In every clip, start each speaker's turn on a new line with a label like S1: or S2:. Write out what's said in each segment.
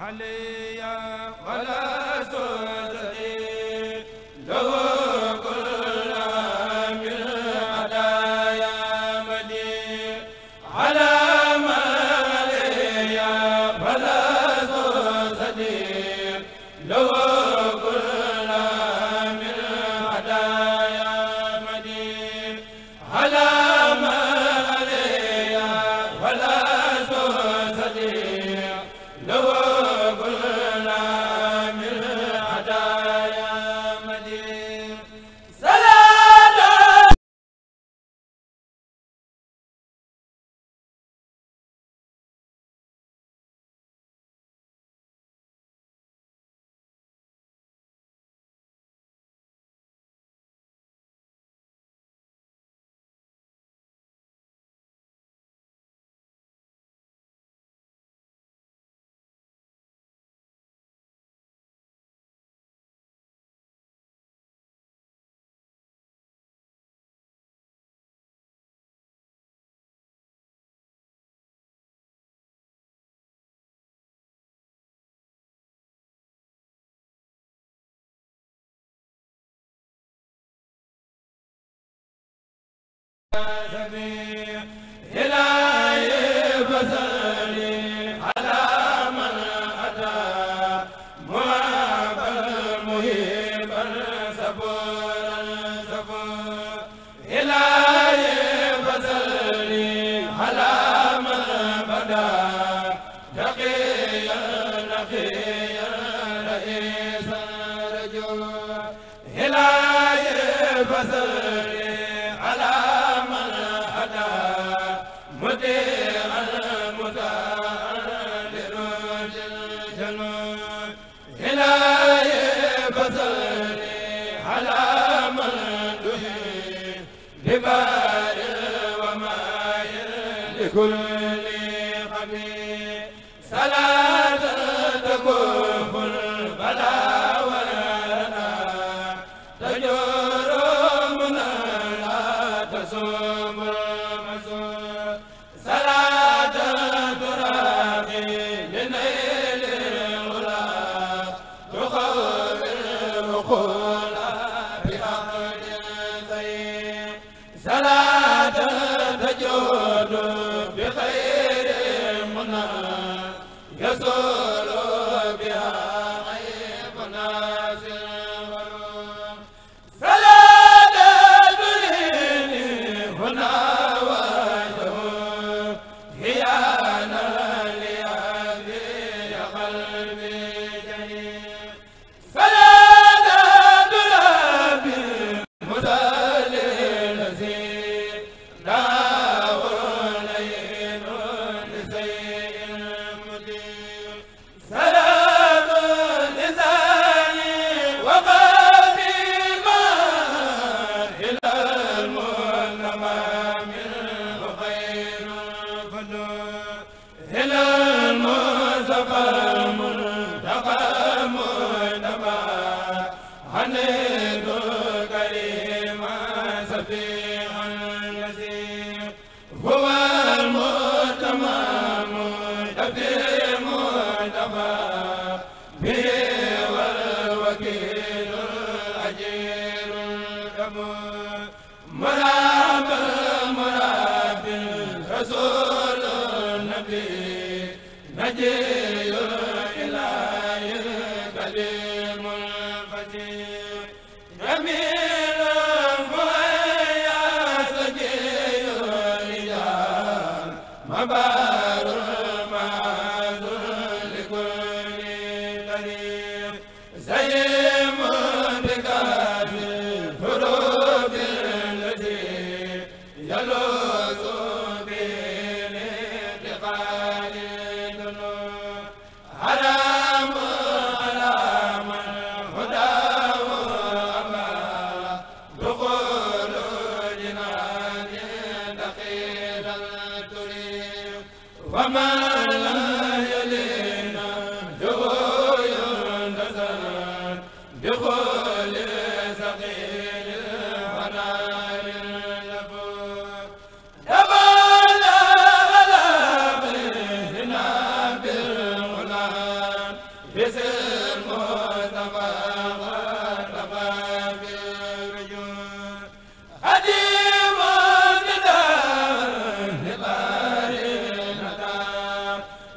S1: علي ولا Basal salaata tajoodu bi xëy Amiin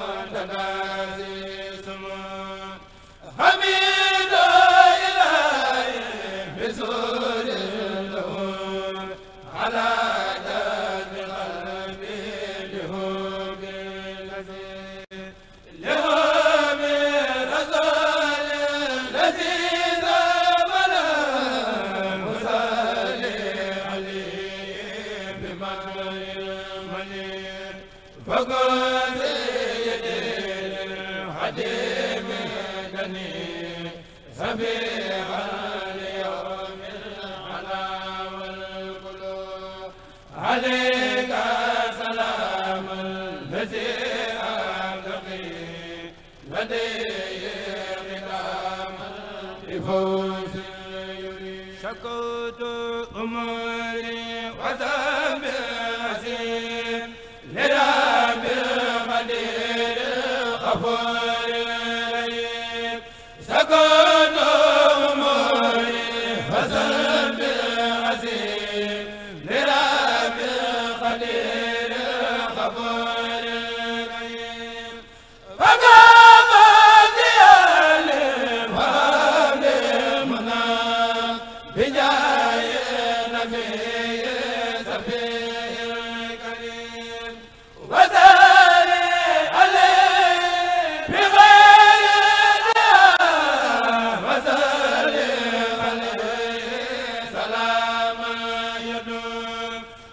S1: da fawzi yuri shakutu umri wa